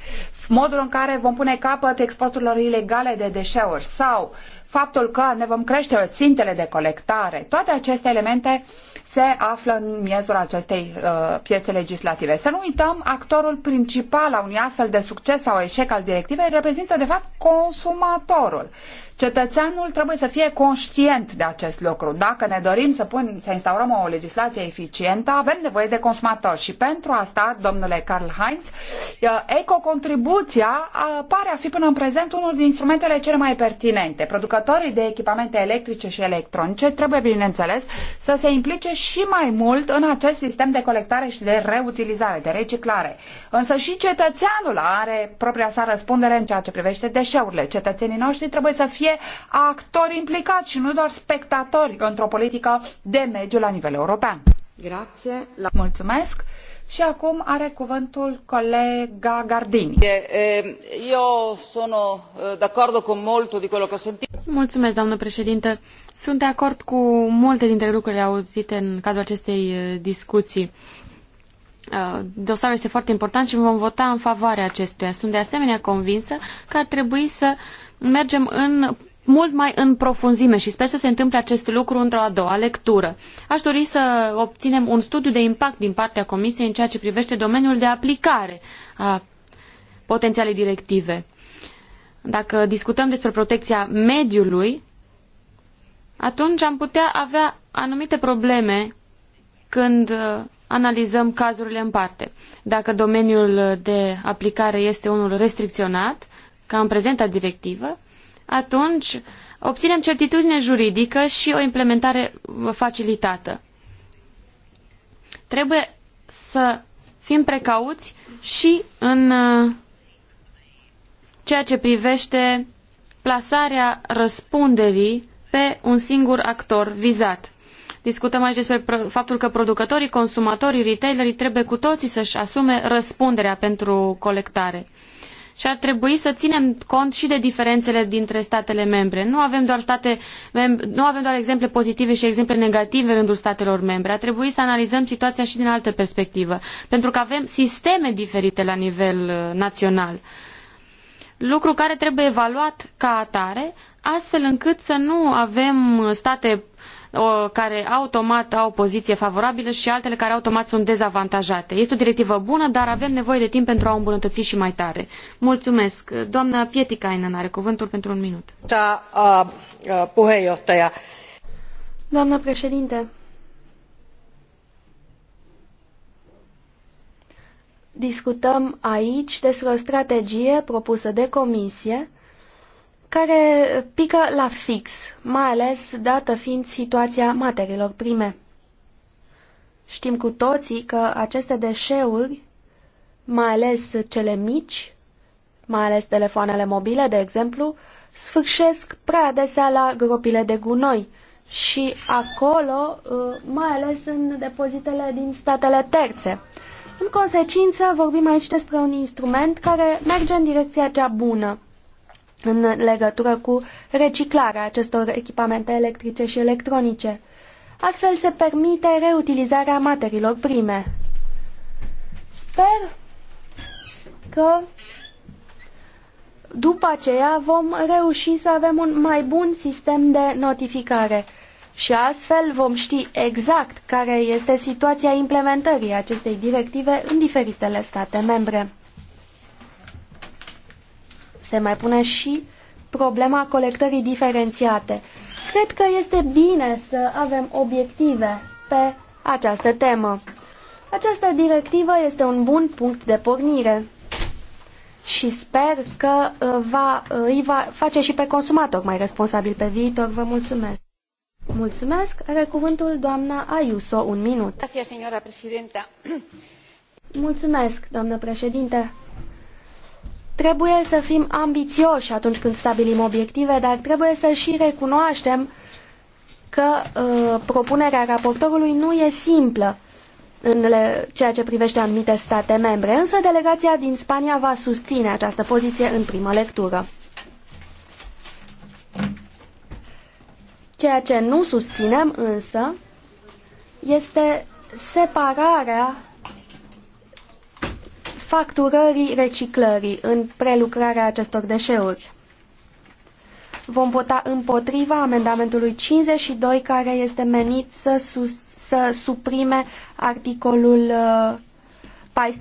modul în care vom pune capăt exporturilor ilegale de deșeuri sau sau faptul că ne vom crește țintele de colectare, toate aceste elemente se află în miezul acestei uh, piețe legislative. Să nu uităm, actorul principal a unui astfel de succes sau eșec al directivei reprezintă, de fapt, consumatorul. Cetățeanul trebuie să fie conștient de acest lucru. Dacă ne dorim să, pun, să instaurăm o legislație eficientă, avem nevoie de consumatori. Și pentru asta, domnule Karl Heinz, uh, ecocontribuția uh, pare a fi până în prezent unul din instrumentele cele mai pertinente. Producă producătorii de echipamente electrice și electronice trebuie, bineînțeles, să se implice și mai mult în acest sistem de colectare și de reutilizare, de reciclare. Însă și cetățeanul are propria sa răspundere în ceea ce privește deșeurile. Cetățenii noștri trebuie să fie actori implicați și nu doar spectatori într-o politică de mediu la nivel european. Grazie. La... Mulțumesc. Și acum are cuvântul colega Gardini. Eu sunt de acord cu molto de quello che ho sentito. Mulțumesc, doamnă președinte. Sunt de acord cu multe dintre lucrurile auzite în cadrul acestei discuții. Dosarul este foarte important și vom vota în favoarea acestuia. Sunt de asemenea convinsă că ar trebui să mergem în mult mai în profunzime și sper să se întâmple acest lucru într-o a doua lectură. Aș dori să obținem un studiu de impact din partea Comisiei în ceea ce privește domeniul de aplicare a potențialei directive. Dacă discutăm despre protecția mediului, atunci am putea avea anumite probleme când uh, analizăm cazurile în parte. Dacă domeniul de aplicare este unul restricționat, ca în prezenta directivă, atunci obținem certitudine juridică și o implementare facilitată. Trebuie să fim precauți și în uh, ceea ce privește plasarea răspunderii pe un singur actor vizat. Discutăm aici despre faptul că producătorii, consumatorii, retailerii trebuie cu toții să-și asume răspunderea pentru colectare și ar trebui să ținem cont și de diferențele dintre statele membre. Nu avem doar, state, nu avem doar exemple pozitive și exemple negative în rândul statelor membre. Ar trebui să analizăm situația și din altă perspectivă, pentru că avem sisteme diferite la nivel uh, național. Lucru care trebuie evaluat ca atare, astfel încât să nu avem state care automat au o poziție favorabilă și altele care automat sunt dezavantajate. Este o directivă bună, dar avem nevoie de timp pentru a o îmbunătăți și mai tare. Mulțumesc. Doamna Pietikainen are cuvântul pentru un minut. Doamna președinte, discutăm aici despre o strategie propusă de comisie care pică la fix, mai ales dată fiind situația materiilor prime. Știm cu toții că aceste deșeuri, mai ales cele mici, mai ales telefoanele mobile, de exemplu, sfârșesc prea adesea la gropile de gunoi și acolo, uh, mai ales în depozitele din statele terțe. În consecință, vorbim aici despre un instrument care merge în direcția cea bună în legătură cu reciclarea acestor echipamente electrice și electronice. Astfel se permite reutilizarea materiilor prime. Sper că după aceea vom reuși să avem un mai bun sistem de notificare și astfel vom ști exact care este situația implementării acestei directive în diferitele state membre. Se mai pune și problema colectării diferențiate. Cred că este bine să avem obiective pe această temă. Această directivă este un bun punct de pornire și sper că uh, va, uh, îi va face și pe consumator mai responsabil pe viitor. Vă mulțumesc! Mulțumesc! Are cuvântul doamna Ayuso, un minut. Mulțumesc, doamnă președinte! Trebuie să fim ambițioși atunci când stabilim obiective, dar trebuie să și recunoaștem că uh, propunerea raportorului nu e simplă în le, ceea ce privește anumite state membre, însă delegația din Spania va susține această poziție în prima lectură. Ceea ce nu susținem însă este separarea facturării reciclării în prelucrarea acestor deșeuri. Vom vota împotriva amendamentului 52 care este menit să, sus, să suprime articolul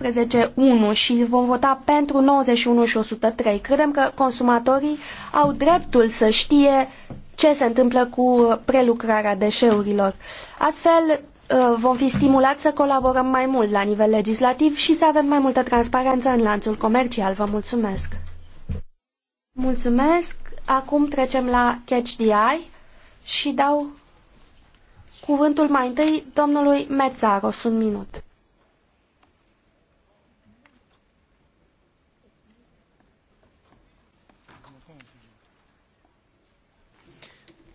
14.1 uh, și vom vota pentru 91 și 103. Credem că consumatorii au dreptul să știe ce se întâmplă cu prelucrarea deșeurilor. Astfel, Uh, vom fi stimulați să colaborăm mai mult la nivel legislativ și să avem mai multă transparență în lanțul comercial. Vă mulțumesc! Mulțumesc! Acum trecem la Catch the Eye și dau cuvântul mai întâi domnului Metzaros, un minut.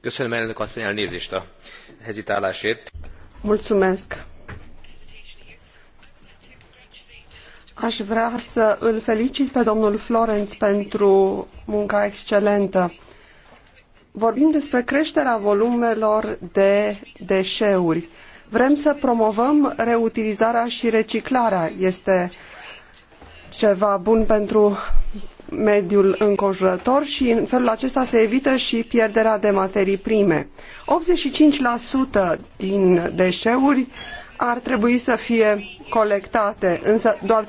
Köszönöm elnök asszony elnézést a hezitálásért. Mulțumesc. Aș vrea să îl felicit pe domnul Florenț pentru munca excelentă. Vorbim despre creșterea volumelor de deșeuri. Vrem să promovăm reutilizarea și reciclarea. Este ceva bun pentru mediul înconjurător și în felul acesta se evită și pierderea de materii prime. 85% din deșeuri ar trebui să fie colectate, însă doar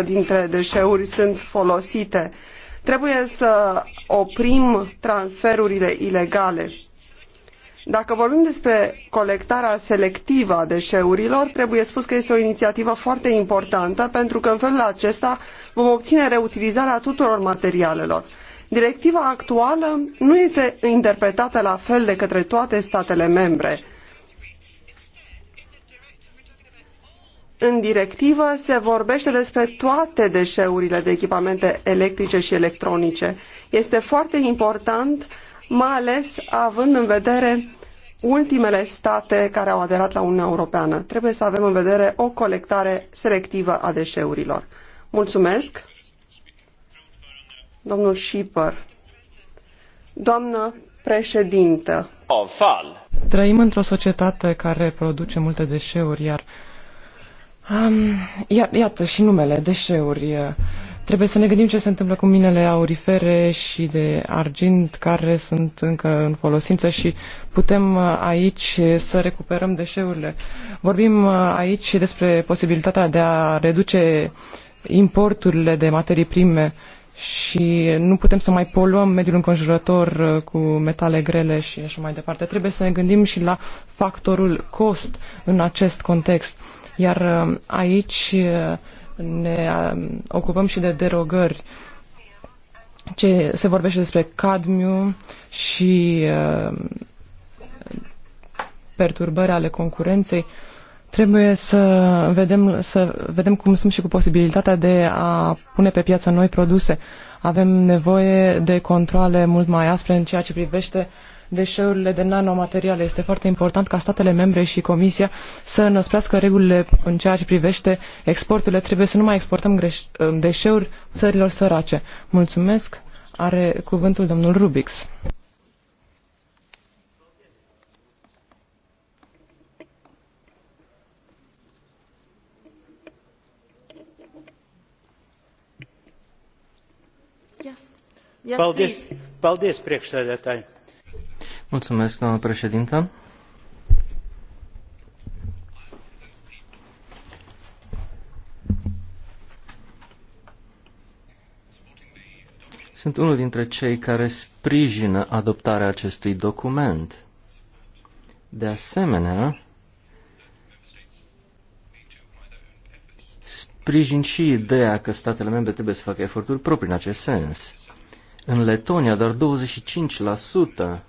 35% dintre deșeuri sunt folosite. Trebuie să oprim transferurile ilegale. Dacă vorbim despre colectarea selectivă a deșeurilor, trebuie spus că este o inițiativă foarte importantă pentru că în felul acesta vom obține reutilizarea tuturor materialelor. Directiva actuală nu este interpretată la fel de către toate statele membre. În directivă se vorbește despre toate deșeurile de echipamente electrice și electronice. Este foarte important, mai ales având în vedere ultimele state care au aderat la Uniunea Europeană. Trebuie să avem în vedere o colectare selectivă a deșeurilor. Mulțumesc. Domnul Schipper. Doamnă președintă. Avfall. Trăim într-o societate care produce multe deșeuri, iar um, iată și numele, deșeuri. Trebuie să ne gândim ce se întâmplă cu minele aurifere și de argint care sunt încă în folosință și putem uh, aici să recuperăm deșeurile. Vorbim uh, aici despre posibilitatea de a reduce importurile de materii prime și nu putem să mai poluăm mediul înconjurător uh, cu metale grele și așa mai departe. Trebuie să ne gândim și la factorul cost în acest context. Iar aici ne um, ocupăm și de derogări. Ce se vorbește despre cadmiu și um, perturbări ale concurenței. Trebuie să vedem, să vedem cum sunt și cu posibilitatea de a pune pe piață noi produse. Avem nevoie de controle mult mai aspre în ceea ce privește uh, deșeurile de nanomateriale. Este foarte important ca statele membre și Comisia să înăsprească regulile în ceea ce privește exporturile. Trebuie să nu mai exportăm greș- uh, deșeuri țărilor sărace. Mulțumesc. Are cuvântul domnul Rubix. Yes. paldies, paldies priekšsēdētāji! Mulțumesc, doamnă președintă. Sunt unul dintre cei care sprijină adoptarea acestui document. De asemenea, sprijin și ideea că statele membre trebuie să facă eforturi proprii în acest sens. În Letonia, doar 25%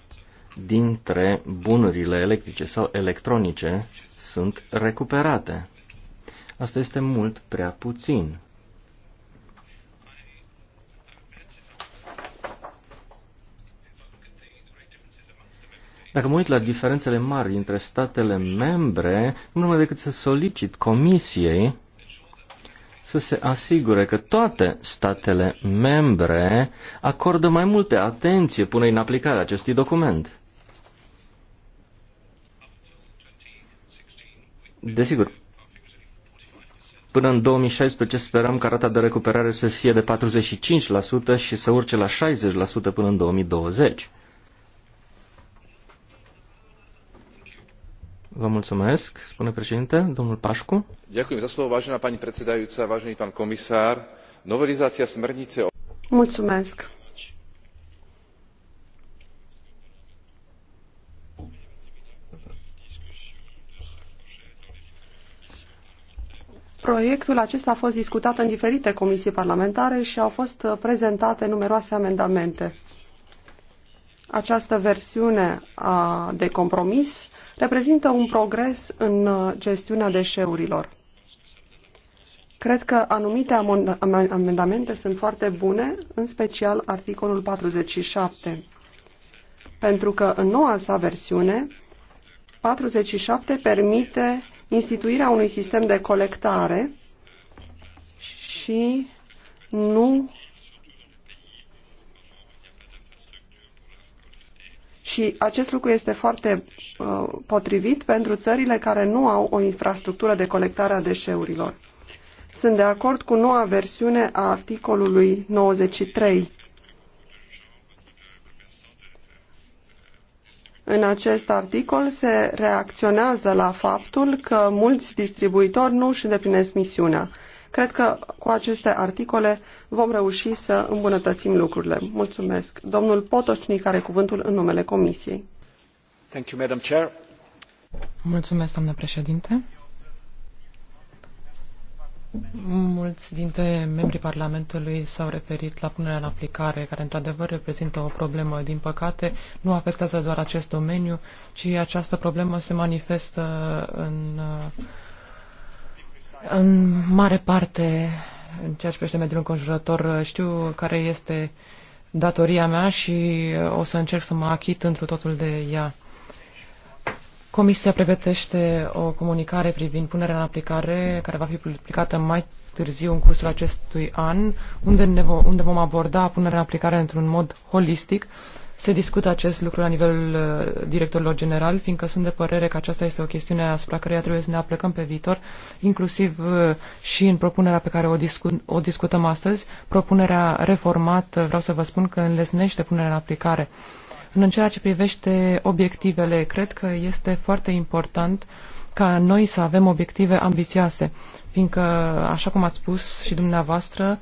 dintre bunurile electrice sau electronice sunt recuperate. Asta este mult prea puțin. Dacă mă uit la diferențele mari dintre statele membre, nu numai decât să solicit comisiei să se asigure că toate statele membre acordă mai multe atenție până în aplicare acestui document. Desigur, până în 2016 sperăm ca rata de recuperare să fie de 45% și să urce la 60% până în 2020. Vă mulțumesc, spune președinte, domnul Pașcu. Mulțumesc za slovo, vážená pani predsedajúca, vážený pán komisár. Novelizácia smernice... Mulțumesc. Proiectul acesta a fost discutat în diferite comisii parlamentare și au fost uh, prezentate numeroase amendamente. Această versiune a, de compromis reprezintă un progres în uh, gestiunea deșeurilor. Cred că anumite amendamente sunt foarte bune, în special articolul 47, pentru că în noua sa versiune 47 permite instituirea unui sistem de colectare și nu Și acest lucru este foarte uh, potrivit pentru țările care nu au o infrastructură de colectare a deșeurilor. Sunt de acord cu noua versiune a articolului 93 În acest articol se reacționează la faptul că mulți distribuitori nu își îndeplinesc misiunea. Cred că cu aceste articole vom reuși să îmbunătățim lucrurile. Mulțumesc. Domnul Potocnic are cuvântul în numele Comisiei. Thank you, Madam Chair. Mulțumesc, doamnă președinte. Mulți dintre membrii Parlamentului s-au referit la punerea în aplicare, care într-adevăr reprezintă o problemă. Din păcate, nu afectează doar acest domeniu, ci această problemă se manifestă în, în mare parte în ceea ce privește mediul înconjurător. Știu care este datoria mea și o să încerc să mă achit întru totul de ea. Comisia pregătește o comunicare privind punerea în aplicare, care va fi publicată mai târziu în cursul acestui an, unde, ne vo- unde vom aborda punerea în aplicare într-un mod holistic. Se discută acest lucru la nivelul uh, directorilor general, fiindcă sunt de părere că aceasta este o chestiune asupra căreia trebuie să ne aplicăm pe viitor, inclusiv uh, și în propunerea pe care o, discu- o discutăm astăzi. Propunerea reformată, vreau să vă spun că înlesnește punerea în aplicare în ceea ce privește obiectivele, cred că este foarte important ca noi să avem obiective ambițioase, fiindcă, așa cum ați spus și dumneavoastră,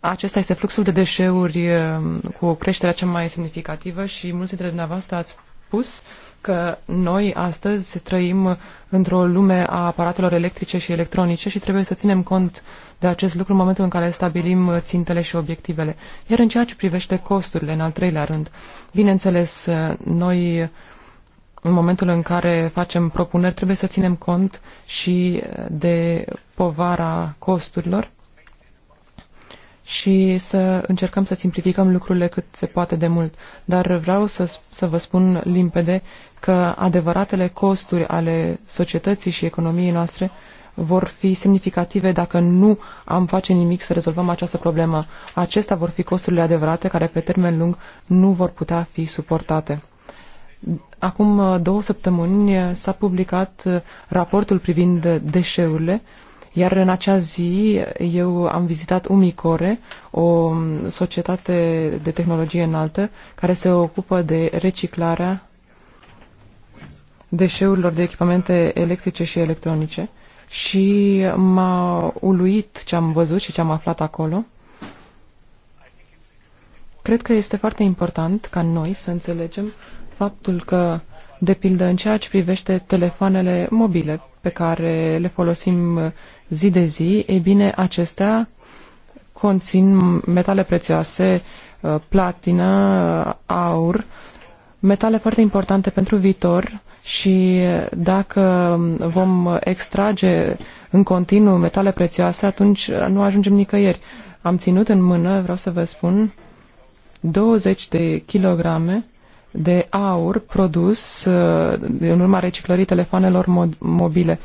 acesta este fluxul de deșeuri um, cu o creștere cea mai semnificativă și mulți dintre dumneavoastră ați spus uh, că noi astăzi trăim într-o lume a aparatelor electrice și electronice și trebuie să ținem cont de acest lucru în momentul în care stabilim țintele și obiectivele. Iar în ceea ce privește costurile, în al treilea rând, bineînțeles, noi în momentul în care facem propuneri trebuie să ținem cont și de povara costurilor și să încercăm să simplificăm lucrurile cât se poate de mult. Dar vreau să, să vă spun limpede că adevăratele costuri ale societății și economiei noastre vor fi semnificative dacă nu am face nimic să rezolvăm această problemă. Acestea vor fi costurile adevărate care pe termen lung nu vor putea fi suportate. Acum două săptămâni s-a publicat raportul privind deșeurile, iar în acea zi eu am vizitat Umicore, o societate de tehnologie înaltă care se ocupă de reciclarea deșeurilor de echipamente electrice și electronice și m-a uluit ce am văzut și ce am aflat acolo. Cred că este foarte important ca noi să înțelegem faptul că, de pildă, în ceea ce privește telefoanele mobile pe care le folosim zi de zi, e bine, acestea conțin metale prețioase, uh, platină, uh, aur, metale foarte importante pentru viitor și dacă vom extrage în continuu metale prețioase, atunci nu ajungem nicăieri. Am ținut în mână, vreau să vă spun, 20 de kilograme de aur produs uh, în urma reciclării telefonelor mobile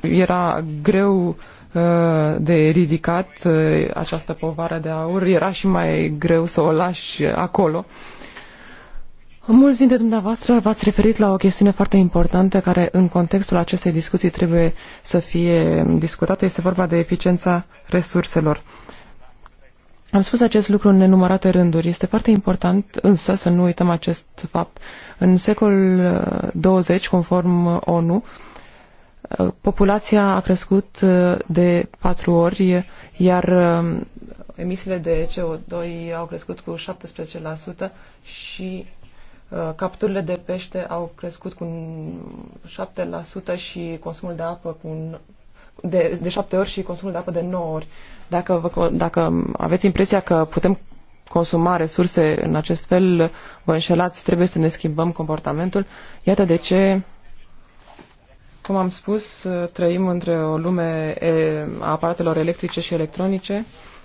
era greu uh, de ridicat uh, această povară de aur, era și mai greu să o lași acolo. Mulți dintre dumneavoastră v-ați referit la o chestiune foarte importantă care în contextul acestei discuții trebuie să fie discutată. Este vorba de eficiența resurselor. Am spus acest lucru în nenumărate rânduri. Este foarte important însă să nu uităm acest fapt. În secolul 20, uh, conform ONU, Uh, populația a crescut uh, de patru ori, iar um, emisiile de CO2 au crescut cu 17% și uh, capturile de pește au crescut cu 7% și consumul de apă cu un, de, de 7 ori și consumul de apă de 9 ori. Dacă, vă, dacă aveți impresia că putem consuma resurse în acest fel, vă înșelați, trebuie să ne schimbăm comportamentul. Iată de ce cum am spus, trăim între o lume a aparatelor electrice și electronice,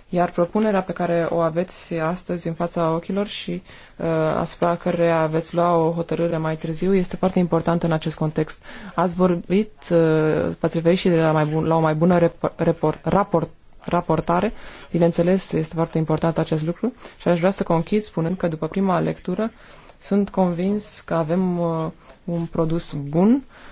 iar propunerea pe care o aveți astăzi în fața ochilor și uh, asupra care veți lua o hotărâre mai târziu este foarte importantă în acest context. Ați vorbit, uh, potrivit și de la, mai bun, la o mai bună repor, raport, raportare. Bineînțeles, este foarte important acest lucru și aș vrea să conchid spunând că după prima lectură sunt convins că avem uh, un produs bun uh,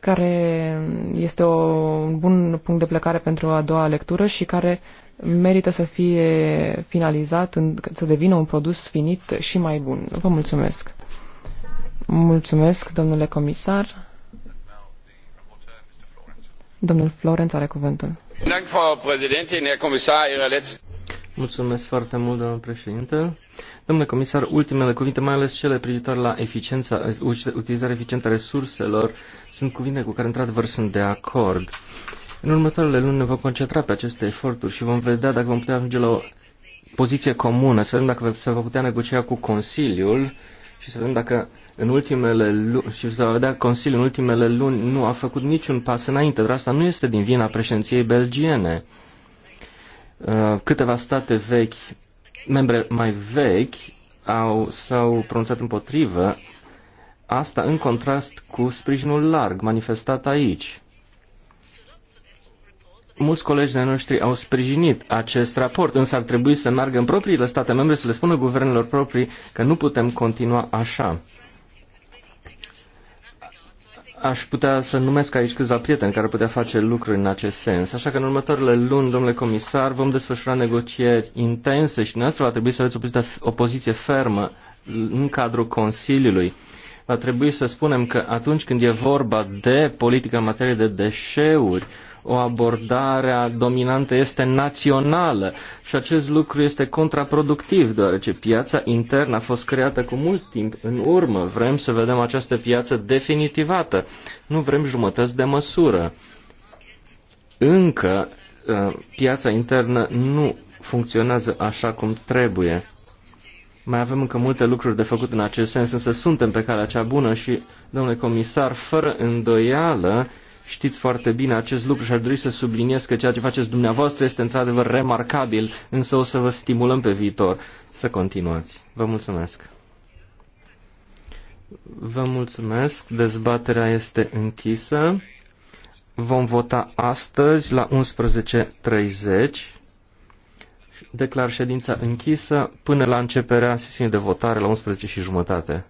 care este un bun punct de plecare pentru a doua lectură și care merită să fie finalizat, să devină un produs finit și mai bun. Vă mulțumesc! Mulțumesc, domnule comisar! Domnul Florenț are cuvântul. Mulțumesc foarte mult, domnul președinte. Domnule comisar, ultimele cuvinte, mai ales cele privitoare la eficiența, utilizarea eficientă a resurselor, sunt cuvinte cu care, într-adevăr, sunt de acord. În următoarele luni ne vom concentra pe aceste eforturi și vom vedea dacă vom putea ajunge la o poziție comună, să vedem dacă se va putea negocia cu Consiliul și să vedem dacă în ultimele luni, și să vedea Consiliul în ultimele luni nu a făcut niciun pas înainte, dar asta nu este din vina președinției belgiene. Uh, câteva state vechi membre mai vechi au, s-au pronunțat împotrivă, asta în contrast cu sprijinul larg manifestat aici. Mulți colegi de noștri au sprijinit acest raport, însă ar trebui să meargă în propriile state membre să le spună guvernelor proprii că nu putem continua așa aș putea să numesc aici câțiva prieteni care putea face lucruri în acest sens. Așa că în următoarele luni, domnule comisar, vom desfășura negocieri intense și noastră va trebui să aveți o poziție, o poziție fermă în cadrul Consiliului va trebui să spunem că atunci când e vorba de politică în materie de deșeuri, o abordare dominantă este națională și acest lucru este contraproductiv, deoarece piața internă a fost creată cu mult timp în urmă. Vrem să vedem această piață definitivată, nu vrem jumătăți de măsură. Încă uh, piața internă nu funcționează așa cum trebuie. Mai avem încă multe lucruri de făcut în acest sens, însă suntem pe calea cea bună și, domnule comisar, fără îndoială, știți foarte bine acest lucru și ar dori să subliniez că ceea ce faceți dumneavoastră este într-adevăr remarcabil, însă o să vă stimulăm pe viitor să continuați. Vă mulțumesc! Vă mulțumesc, dezbaterea este închisă. Vom vota astăzi la 11.30. Declar ședința închisă până la începerea sesiunii de votare la 11 și jumătate.